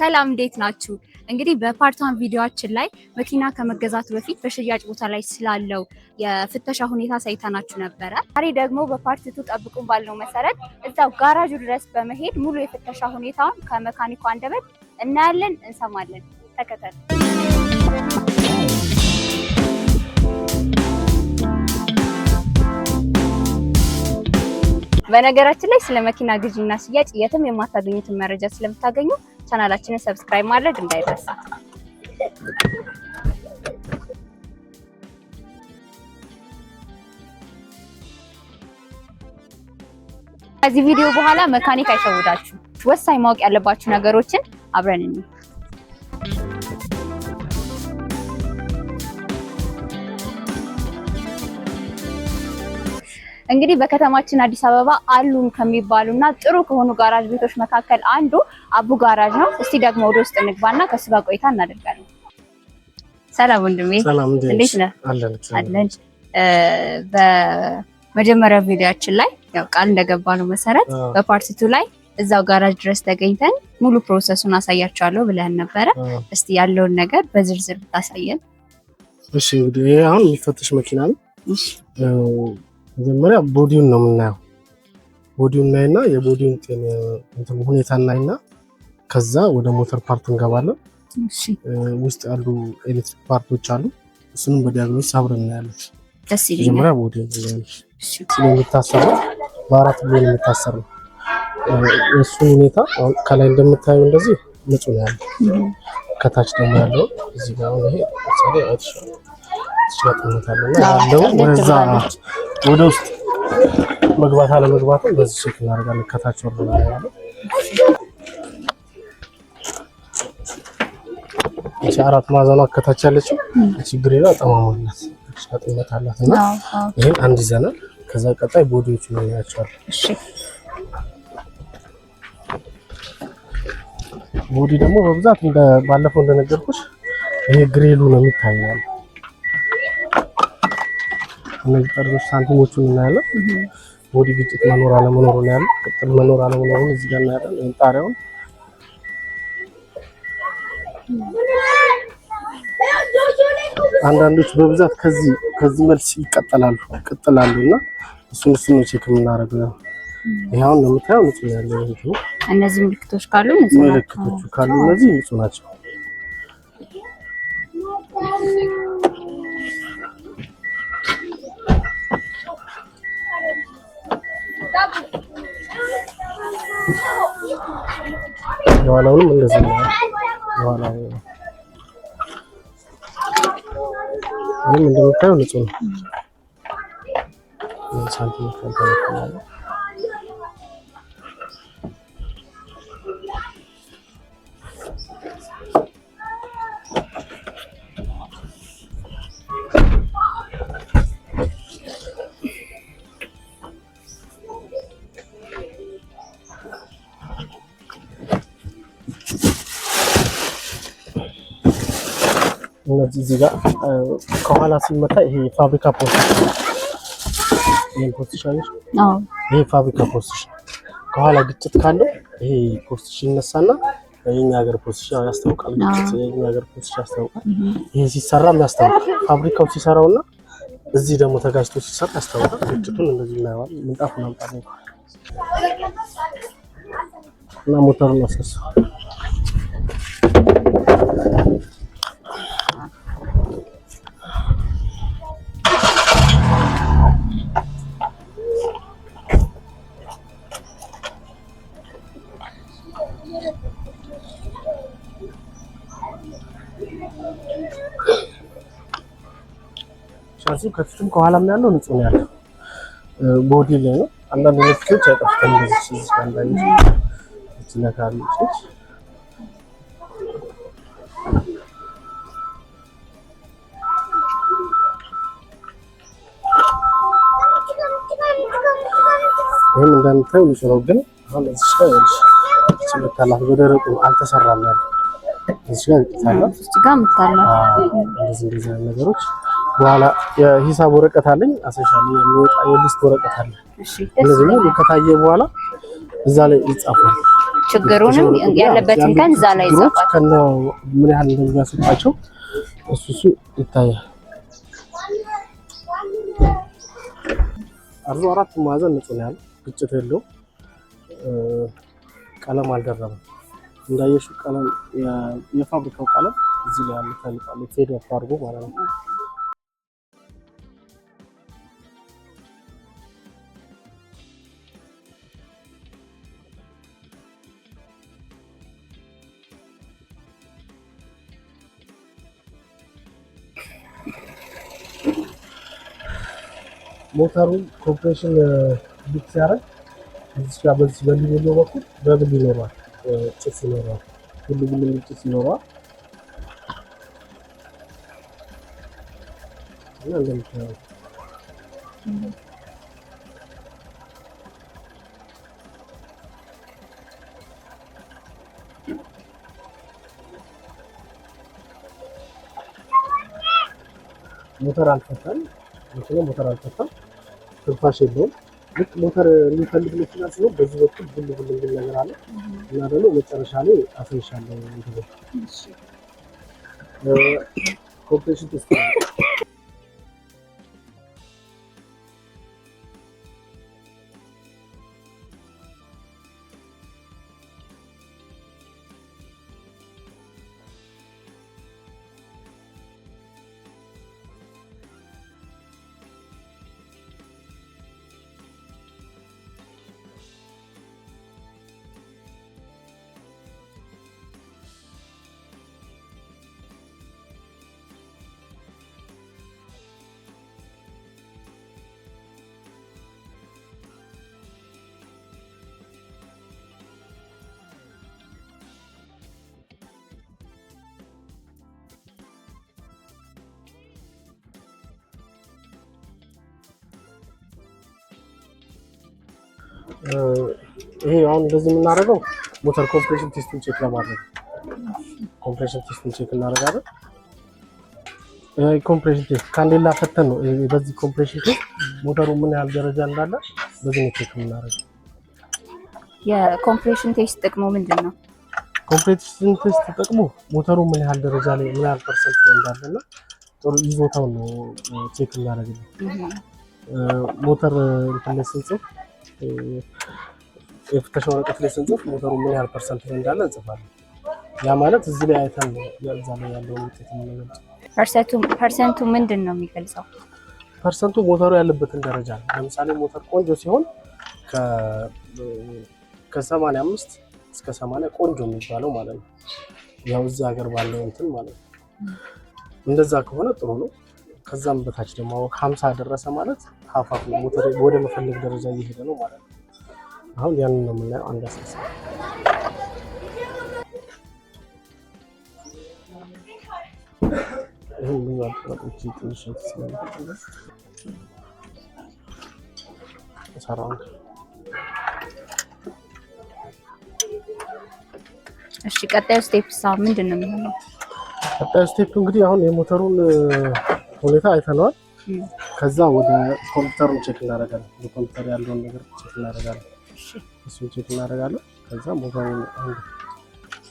ሰላም እንዴት ናችሁ? እንግዲህ በፓርቲን ቪዲዮችን ቪዲዮአችን ላይ መኪና ከመገዛቱ በፊት በሽያጭ ቦታ ላይ ስላለው የፍተሻ ሁኔታ ሳይተናችሁ ነበረ። ዛሬ ደግሞ በፓርቲቱ ጠብቁን ባለው መሰረት እዛው ጋራጁ ድረስ በመሄድ ሙሉ የፍተሻ ሁኔታውን ከመካኒኮ አንደበት እናያለን፣ እንሰማለን። ተከተል በነገራችን ላይ ስለ መኪና ግዢና ሽያጭ የትም የማታገኙትን መረጃ ስለምታገኙ ቻናላችንን ሰብስክራይብ ማድረግ እንዳይረሳ። ከዚህ ቪዲዮ በኋላ መካኒክ አይሸውዳችሁ። ወሳኝ ማወቅ ያለባችሁ ነገሮችን አብረን እንይ። እንግዲህ በከተማችን አዲስ አበባ አሉን ከሚባሉና ጥሩ ከሆኑ ጋራጅ ቤቶች መካከል አንዱ አቡ ጋራጅ ነው። እስቲ ደግሞ ወደ ውስጥ እንግባና ከሱ ጋር ቆይታ እናደርጋለን። ሰላም ወንድሜ፣ እንዴት ነህ? አለን። በመጀመሪያ ላይ ያው ቃል እንደገባ ነው መሰረት በፓርቲቱ ላይ እዛው ጋራጅ ድረስ ተገኝተን ሙሉ ፕሮሰሱን አሳያቸዋለሁ ብለን ነበረ። እስቲ ያለውን ነገር በዝርዝር ብታሳየን። እሺ፣ አሁን የሚፈተሽ መኪና ነው መጀመሪያ ቦዲውን ነው የምናየው። ቦዲውን ናይና የቦዲውን ጤን ሁኔታ ናይና ከዛ ወደ ሞተር ፓርት እንገባለን። ውስጥ ያሉ ኤሌክትሪክ ፓርቶች አሉ። እሱንም በዲያግኖስ አብረን እናያለን። መጀመሪያ ቦዲ የምታሰራ በአራት ብሎን የምታሰር ነው። እሱን ሁኔታ ከላይ እንደምታየው እንደዚህ ንጹ ነው ያለ ከታች ደግሞ ያለው እዚህ ጋር ይሄ ወደዛ ወደ ውስጥ መግባት አለመግባቱን በዚህ ቼክ እናደርጋለን። ከታች አራት ማዕዘኗ ከታች ያለችው ችግር የለው አጠማማላት አላት እና ይህን አንድ ይዘናል። ከዛ ቀጣይ ቦዲዎች ነው ያቸዋል። ቦዲ ደግሞ በብዛት ባለፈው እንደነገርኩሽ ይሄ ግሬሉ ነው የሚታየው እነዚህ ጠርዞች ሳንቲሞቹ እናያለን። ወዲህ ግጭት መኖር አለመኖሩ ያለ ቅጥል መኖር አለመኖሩን እዚህ ጋር እናያለን። ወይም ጣሪያውን አንዳንዶች በብዛት ከዚህ ከዚህ መልስ ይቀጠላሉ ይቀጥላሉ እና እሱን እሱን ቼክ የምናደርገው። ነው። አሁን ለምታየው ንጹህ ያለው ነው። እነዚህ ምልክቶች ካሉ ምልክቶቹ ካሉ እነዚህ ንጹህ ናቸው። Yuvarlanır mı lazım ya? Yuvarlanıyor. Benim elimde mi kalıyor mu? Sanki mi kalıyor? እነዚህ እዚህ ጋር ከኋላ ሲመታ ይሄ የፋብሪካ ፖስት ይሄ ፋብሪካ ፖስቲሽን ከኋላ ግጭት ካለው ይሄ ፖስቲሽን ይነሳና የኛ ሀገር ፖስቲሽን ያስታውቃል። ግጭት የኛ ሀገር ፖስቲሽን ያስታውቃል። ይሄ ሲሰራም ያስታውቃል። ፋብሪካው ሲሰራውና እዚህ ደግሞ ተጋጅቶ ሲሰራ ያስታውቃል። ግጭቱን እንደዚህ እናየዋለን። ምንጣፍ ናምጣ እና ሞተሩን አስነሳ ስለዚህ ከፊትም ከኋላም ያለው ንጹህ ነው ያለው ቦዲ ላይ ነው። አንዳንድ ምልክቶች አይጠፍተም። እንደዚህ አንዳንድ ይችላል ይህም እንደምታዩ ንጹህ ነው ግን አሁን የምታላት በደረቁ አልተሰራም ያለ እዚህ ጋር ይጣላል። እዚህ ጋር እንደዚህ እንደዚህ አይነት ነገሮች በኋላ የሂሳብ ወረቀት አለኝ አሰሻሊ የሚወጣ የሊስት ወረቀት አለ። እሺ እንደዚህ ከታየ በኋላ እዛ ላይ ይጻፋል። ችግሩንም ያለበትን ቀን እዛ ላይ ይጻፋል። ከነ ምን ያህል እንደሚያስወጣቸው እሱ እሱ ይታያል። አርዞ አራት ማዕዘን ንጹህ ነው ያለው ግጭት የለውም። ቀለም አልደረበም። እንዳየሹ ቀለም የፋብሪካው ቀለም እዚህ ላይ ያለ ታልቃለ ፌድ አድርጎ ማለት ነው። ሞተሩ ኮምፕሬሽን ቢት ሲያደርግ Diciamo si vende di nuovo qui, vende di nuovo, c'è si nuova, quindi di nuovo c'è si nuova. Non è l'entrata. ሞተር አልፈታም፣ መኪና ሞተር አልፈታም፣ ትንፋሽ ልክ ሞተር የሚፈልግ መኪና ሲሆን በዚህ በኩል ብል ብል ብል ነገር አለ እና ደግሞ መጨረሻ ላይ አፍንሻለሁ ኮምፕሬሽን ቴስት ይሄ አሁን እንደዚህ የምናደርገው ሞተር ኮምፕሬሽን ቴስቱን ቼክ ለማድረግ ኮምፕሬሽን ቴስቱን ቼክ እናደርጋለን። ኮምፕሬሽን ቴስት ካንዴላ ፈተን ነው። በዚህ ኮምፕሬሽን ቴስት ሞተሩ ምን ያህል ደረጃ እንዳለ በዚህ ነው ቼክ የምናደርገው። የኮምፕሬሽን ቴስት ጥቅሙ ምንድን ነው? ኮምፕሬሽን ቴስት ጥቅሙ ሞተሩ ምን ያህል ደረጃ ላይ ምን ያህል ፐርሰንት ላይ እንዳለና ጥሩ ይዞታው ነው ቼክ እናደርግልን ሞተር እንትን የፍተሻ ወረቀት ላይ ስንጽፍ ሞተሩ ምን ያህል ፐርሰንት ላይ እንዳለ እንጽፋለን። ያ ማለት እዚህ ላይ አይተን እዛ ላይ ያለውን ውጤት የምንገልጸው። ፐርሰንቱ ምንድን ነው የሚገልጸው? ፐርሰንቱ ሞተሩ ያለበትን ደረጃ ነው። ለምሳሌ ሞተር ቆንጆ ሲሆን ከሰማንያ አምስት እስከ ሰማንያ ቆንጆ የሚባለው ማለት ነው። ያው እዚህ ሀገር ባለው እንትን ማለት ነው። እንደዛ ከሆነ ጥሩ ነው። ከዛም በታች ደግሞ ሀምሳ ደረሰ ማለት ሀፋፍ ሞተር ወደ መፈለግ ደረጃ እየሄደ ነው ማለት ነው። አሁን ያንን ነው የምናየው። አንድ አስሳ ብዙ ሰራ እሺ፣ ቀጣዩ ስቴፕ ምንድን ነው የሚሆነው? ቀጣዩ ስቴፕ እንግዲህ አሁን የሞተሩን ሁኔታ አይተነዋል። ከዛ ወደ ኮምፒውተሩን ቼክ እናደርጋለን። በኮምፒውተር ያለውን ነገር ቼክ እናደርጋለን። እሱን ቼክ እናደርጋለን። ከዛ ሞተሩን አንድ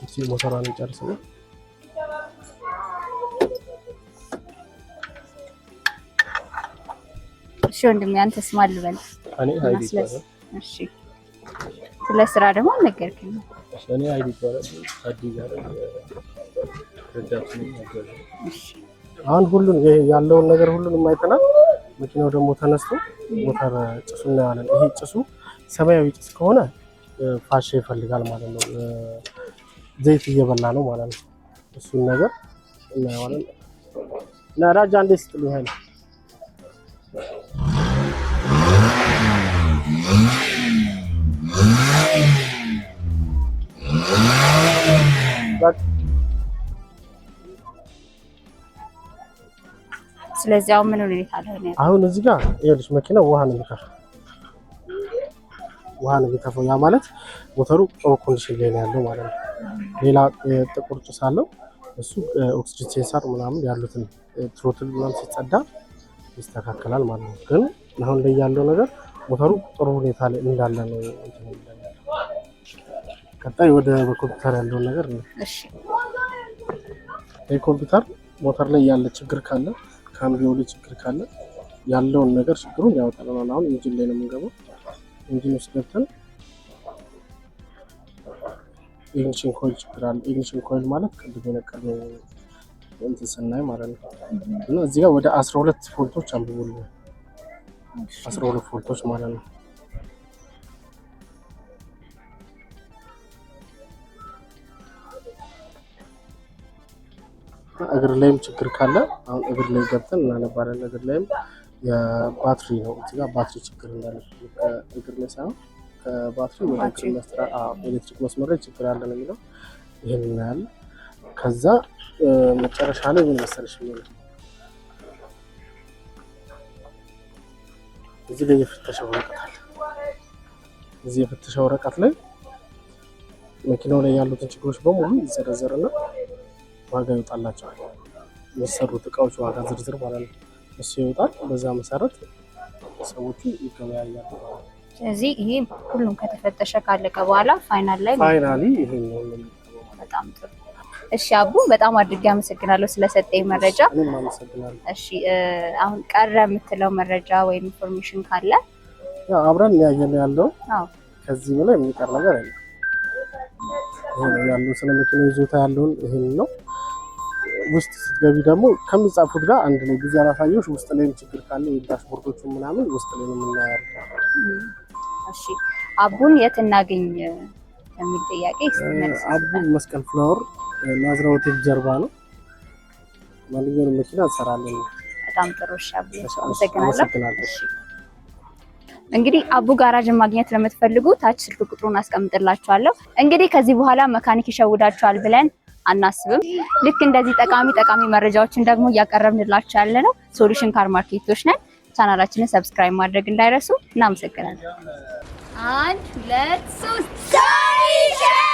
እሱ ሞተሯን ጨርስ ነው እሺ ወንድሜ አንተስ ማን ልበል? እኔ ሀይል ይባላል። እሺ ስለ ስራ ደግሞ ነገርክኝ። እኔ ሀይል ይባላል። አዲስ አበባ ረዳት ነኝ። እሺ አሁን ሁሉን ያለውን ነገር ሁሉንም አይተናል። መኪናው ደግሞ ተነስቶ ሞተር ጭሱ እናያለን። ይሄ ጭሱ ሰማያዊ ጭስ ከሆነ ፋሻ ይፈልጋል ማለት ነው። ዘይት እየበላ ነው ማለት ነው። እሱን ነገር እናየዋለን። ነዳጅ አንዴ ስጥል ይሄ ነው በቃ ስለዚህ አሁን ምን ሁኔታ ነው? አሁን እዚህ ጋር ይኸውልሽ መኪና ውሃ ነው የሚከፋው፣ ውሃ ነው የሚከፋው። ያ ማለት ሞተሩ ጥሩ ኮንዲሽን ላይ ነው ያለው ማለት ነው። ሌላ ጥቁር ጭስ አለው እሱ ኦክሲጅን ሴንሰር ምናምን ያሉትን ትሮትል ምናምን ሲጸዳ ይስተካከላል ማለት ነው። ግን አሁን ላይ ያለው ነገር ሞተሩ ጥሩ ሁኔታ ላይ እንዳለ ነው። ቀጣይ ወደ በኮምፒውተር ያለውን ነገር ነው። እሺ ሞተር ላይ ያለ ችግር ካለ ካምቢዮሉ ችግር ካለ ያለውን ነገር ችግሩን ያወጣልናል። አሁን ኢንጂን ላይ ነው የምንገባው። ኢንጂን ውስጥ ገብተን ኢግኒሽን ኮይል ችግር አለ። ኢግኒሽን ኮይል ማለት ቅድም የነቀል እንትን ስናይ ማለት ነው እና እዚህ ጋር ወደ አስራ ሁለት ፎልቶች አንብቡልን አስራ ሁለት ፎልቶች ማለት ነው እግር ላይም ችግር ካለ አሁን እግር ላይ ገብተን እናነባለን። እግር ላይም የባትሪ ነው እዚህ ጋር ባትሪ ችግር እንዳለ እግር ላይ ሳይሆን ከባትሪ ወደ ኤሌክትሪክ መስመር ላይ ችግር አለ ነው የሚለው። ይህን እናያለን። ከዛ መጨረሻ ላይ ምን መሰለሽ የሚለው እዚህ ላይ የፍተሻ ወረቀት አለ። እዚህ የፍተሻ ወረቀት ላይ መኪናው ላይ ያሉትን ችግሮች በሙሉ ይዘረዘርና ዋጋ ይወጣላቸዋል። የሚሰሩት እቃዎች ዋጋ ዝርዝር ማለት ነው። እሱ ይወጣል። በዛ መሰረት ሰዎቹ ይገበያያሉ። ስለዚህ ይሄ ሁሉም ከተፈተሸ ካለቀ በኋላ ፋይናል ላይ ፋይናሊ ይሄ በጣም ጥሩ። እሺ አቡ በጣም አድርጌ አመሰግናለሁ ስለሰጠኝ መረጃ። እሺ አሁን ቀረ የምትለው መረጃ ወይም ኢንፎርሜሽን ካለ አብረን ያየን ያለው ከዚህ በላይ የሚቀር ነገር ያለ ያለው ስለመኪና ይዞታ ያለውን ይህን ነው ውስጥ ስትገቢ ደግሞ ከሚጻፉት ጋር አንድ ነው። ጊዜ አላሳየሁሽ። ውስጥ ላይም ችግር ካለ የዳሽቦርዶቹ ምናምን ውስጥ ላይ ነው የምናያል። እሺ አቡን የት እናገኝ የሚል ጥያቄ አቡን መስቀል ፍላወር ናዝራ ሆቴል ጀርባ ነው። ማንኛውን መኪና እንሰራለን። በጣም ጥሩ እሺ፣ አቡ አመሰግናለሁ። እንግዲህ አቡ ጋራጅን ማግኘት ለምትፈልጉ ታች ስልክ ቁጥሩን አስቀምጥላችኋለሁ። እንግዲህ ከዚህ በኋላ መካኒክ ይሸውዳችኋል ብለን አናስብም። ልክ እንደዚህ ጠቃሚ ጠቃሚ መረጃዎችን ደግሞ እያቀረብንላችሁ ያለ ነው። ሶሉሽን ካር ማርኬቶች ነን። ቻናላችንን ሰብስክራይብ ማድረግ እንዳይረሱ። እናመሰግናለን። አንድ ሁለት ሶስት